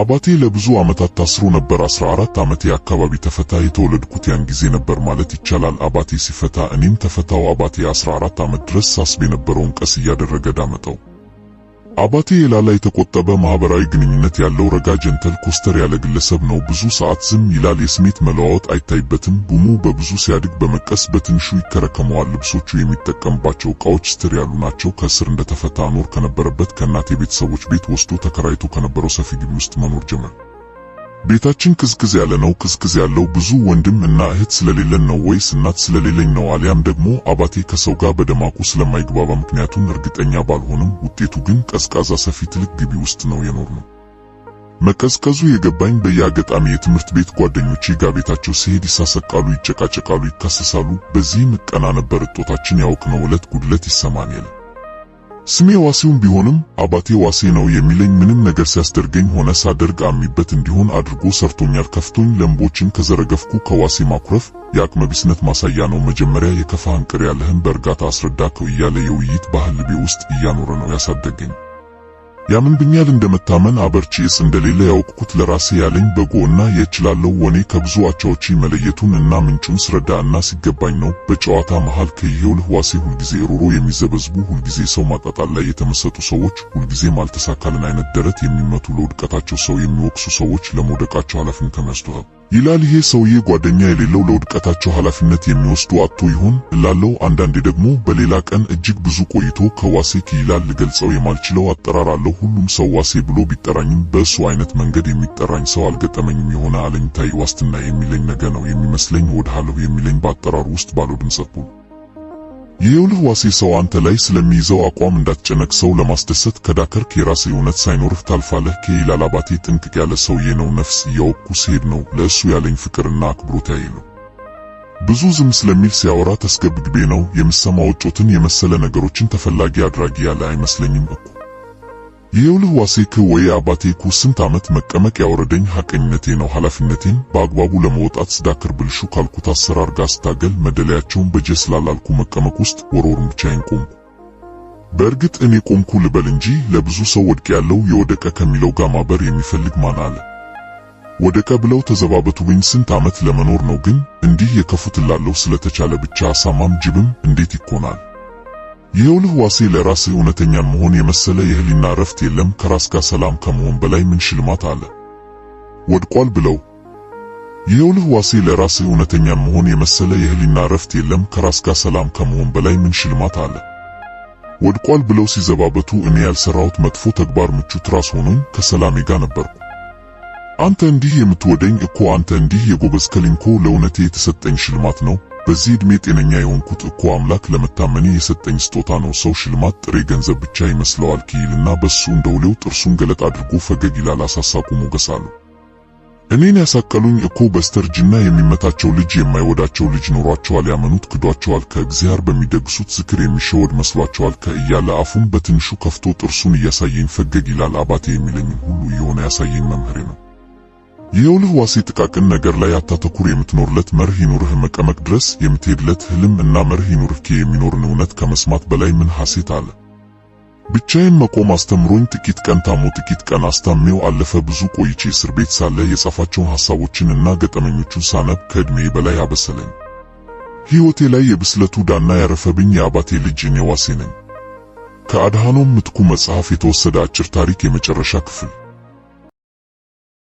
አባቴ ለብዙ ዓመታት ታስሮ ነበር። 14 ዓመቴ አካባቢ ተፈታ። የተወለድኩት ያን ጊዜ ነበር ማለት ይቻላል። አባቴ ሲፈታ እኔም ተፈታው። አባቴ 14 ዓመት ድረስ ሳስብ የነበረውን ቀስ እያደረገ ዳመጠው። አባቴ የላላ የተቆጠበ ማህበራዊ ግንኙነት ያለው ረጋ ጀንተል ኮስተር ያለ ግለሰብ ነው። ብዙ ሰዓት ዝም ይላል። የስሜት መለዋወጥ አይታይበትም። ቡሙ በብዙ ሲያድግ በመቀስ በትንሹ ይከረከመዋል። ልብሶቹ፣ የሚጠቀምባቸው እቃዎች ስትር ያሉ ናቸው። ከእስር እንደተፈታ ኖር ከነበረበት ከእናቴ ቤተሰቦች ቤት ወስዶ ተከራይቶ ከነበረው ሰፊ ግቢ ውስጥ መኖር ጀመር። ቤታችን ቅዝቅዝ ያለ ነው። ቅዝቅዝ ያለው ብዙ ወንድም እና እህት ስለሌለን ነው ወይስ እናት ስለሌለኝ ነው? አሊያም ደግሞ አባቴ ከሰው ጋር በደማቁ ስለማይግባባ ምክንያቱን እርግጠኛ ባልሆንም፣ ውጤቱ ግን ቀዝቃዛ ሰፊ ትልቅ ግቢ ውስጥ ነው የኖርነው። መቀዝቀዙ የገባኝ በየአጋጣሚ የትምህርት ቤት ጓደኞቼ ጋር ቤታቸው ሲሄድ ይሳሰቃሉ፣ ይጨቃጨቃሉ፣ ይካሰሳሉ። በዚህም መቀና ነበር እጦታችን ያውቅ ነው ዕለት ጉድለት ይሰማኛል። ስሜ ዋሴውን ቢሆንም አባቴ ዋሴ ነው የሚለኝ ምንም ነገር ሲያስደርገኝ ሆነ ሳደርግ አሚበት እንዲሆን አድርጎ ሰርቶኛል። ከፍቶኝ ለምቦችን ከዘረገፍኩ ከዋሴ ማኩረፍ የአቅመ ቢስነት ማሳያ ነው። መጀመሪያ የከፋህን ቅር ያለህን በእርጋታ አስረዳከው እያለ የውይይት ባህል ልቤ ውስጥ እያኖረ ነው ያሳደገኝ። ያምን ብኛል እንደመታመን አበርቺስ እንደሌለ ያውቅኩት ለራሴ ያለኝ በጎና የችላለው ወኔ ከብዙ አቻዎቼ መለየቱን እና ምንጩን ስረዳ እና ሲገባኝ ነው። በጨዋታ መሃል ከይሄው ለህዋሴ ሁልጊዜ ሮሮ የሚዘበዝቡ ሁልጊዜ ሰው ማጣጣል ላይ የተመሰጡ ሰዎች፣ ሁልጊዜም አልተሳካልን አይነት ደረት የሚመቱ ለውድቀታቸው ሰው የሚወቅሱ ሰዎች ለመውደቃቸው ኃላፊነት ተነስተዋል። ይላል። ይሄ ሰውዬ ጓደኛ የሌለው ለውድቀታቸው ኃላፊነት የሚወስዱ አጥቶ ይሆን እላለው አንዳንዴ ደግሞ በሌላ ቀን እጅግ ብዙ ቆይቶ ከዋሴ ይላል ልገልጸው የማልችለው አጠራር አለው። ሁሉም ሰው ዋሴ ብሎ ቢጠራኝም በእሱ አይነት መንገድ የሚጠራኝ ሰው አልገጠመኝም። የሆነ አለኝታይ ዋስትና የሚለኝ ነገ ነው የሚመስለኝ ወድሃለሁ የሚለኝ በአጠራሩ ውስጥ ባለው ድምጸት የውል ዋሴ ሰው አንተ ላይ ስለሚይዘው አቋም እንዳትጨነቅ። ሰው ለማስደሰት ከዳከርክ የራስህ እውነት ሳይኖርህ ታልፋለህ። ከ አባቴ ጥንቅቅ ያለ ሰውዬ ነው። ነፍስ እያወቅኩ ስሄድ ነው ለእሱ ያለኝ ፍቅርና አክብሮት ያይ ነው። ብዙ ዝም ስለሚል ሲያወራ ተስገብግቤ ነው የምሰማ። ወጮትን የመሰለ ነገሮችን ተፈላጊ አድራጊ ያለ አይመስለኝም እኮ ይኸውልህ ዋሴክህ ወይ አባቴኩ ስንት ዓመት መቀመቅ ያወረደኝ ሐቀኝነቴ ነው። ኃላፊነቴን በአግባቡ ለመወጣት ስዳክር ብልሹ ካልኩት አሰራር ጋር ስታገል መደለያቸውን በጀስ ስላላልኩ መቀመቅ ውስጥ ወርወርን ብቻዬን ቆምኩ። በእርግጥ እኔ ቆምኩ ልበል እንጂ ለብዙ ሰው ወድቅ ያለው የወደቀ ከሚለው ጋር ማበር የሚፈልግ ማን አለ? ወደቀ ብለው ተዘባበቱብኝ። ስንት ዓመት ለመኖር ነው ግን እንዲህ የከፉት ላለው ስለተቻለ ብቻ አሳማም ጅብም እንዴት ይኮናል? ይኸውልህ ዋሴ ለራስህ እውነተኛ መሆን የመሰለ የህሊና እረፍት የለም። ከራስ ጋር ሰላም ከመሆን በላይ ምን ሽልማት አለ? ወድቋል ብለው። ይኸውልህ ዋሴ ለራስህ እውነተኛ መሆን የመሰለ የህሊና እረፍት የለም። ከራስ ጋር ሰላም ከመሆን በላይ ምን ሽልማት አለ? ወድቋል ብለው ሲዘባበቱ እኔ ያልሰራሁት መጥፎ ተግባር ምቹ ትራስ ሆኖኝ ከሰላሜ ጋር ነበርኩ። አንተ እንዲህ የምትወደኝ እኮ አንተ እንዲህ የጎበዝከልኝ እኮ ለእውነቴ የተሰጠኝ ሽልማት ነው በዚህ እድሜ ጤነኛ የሆንኩት እኮ አምላክ ለመታመኔ የሰጠኝ ስጦታ ነው። ሰው ሽልማት ጥሬ ገንዘብ ብቻ ይመስለዋል ኪልና በሱ እንደውሌው ጥርሱን ገለጥ አድርጎ ፈገግ ይላል። አሳሳቁ ሞገስ እኔን ያሳቀሉኝ እኮ በስተርጅና የሚመታቸው ልጅ የማይወዳቸው ልጅ ኖሯቸዋል። ያመኑት ክዷቸዋል። ከእግዚአብሔር በሚደግሱት ዝክር የሚሸወድ መስሏቸዋል። ከእያለ አፉን በትንሹ ከፍቶ ጥርሱን እያሳየኝ ፈገግ ይላል። አባቴ የሚለኝ ሁሉ የሆነ ያሳየኝ መምህሬ ነው። የውልህ ዋሴ ጥቃቅን ነገር ላይ አታተኩር። የምትኖርለት መርህ ይኑርህ። መቀመቅ ድረስ የምትሄድለት ህልም እና መርህ ይኑርህ። የሚኖርን እውነት ከመስማት በላይ ምን ሐሴት አለ? ብቻዬን መቆም አስተምሮኝ ጥቂት ቀን ታሞ ጥቂት ቀን አስታሜው አለፈ። ብዙ ቆይቼ እስር ቤት ሳለ የጻፋቸውን ሐሳቦችን እና ገጠመኞቹን ሳነብ ከዕድሜ በላይ አበሰለኝ። ሕይወቴ ላይ የብስለቱ ዳና ያረፈብኝ የአባቴ ልጅ እኔ ዋሴ ነኝ። ከአድኃኖም ምትኩ መጽሐፍ የተወሰደ አጭር ታሪክ የመጨረሻ ክፍል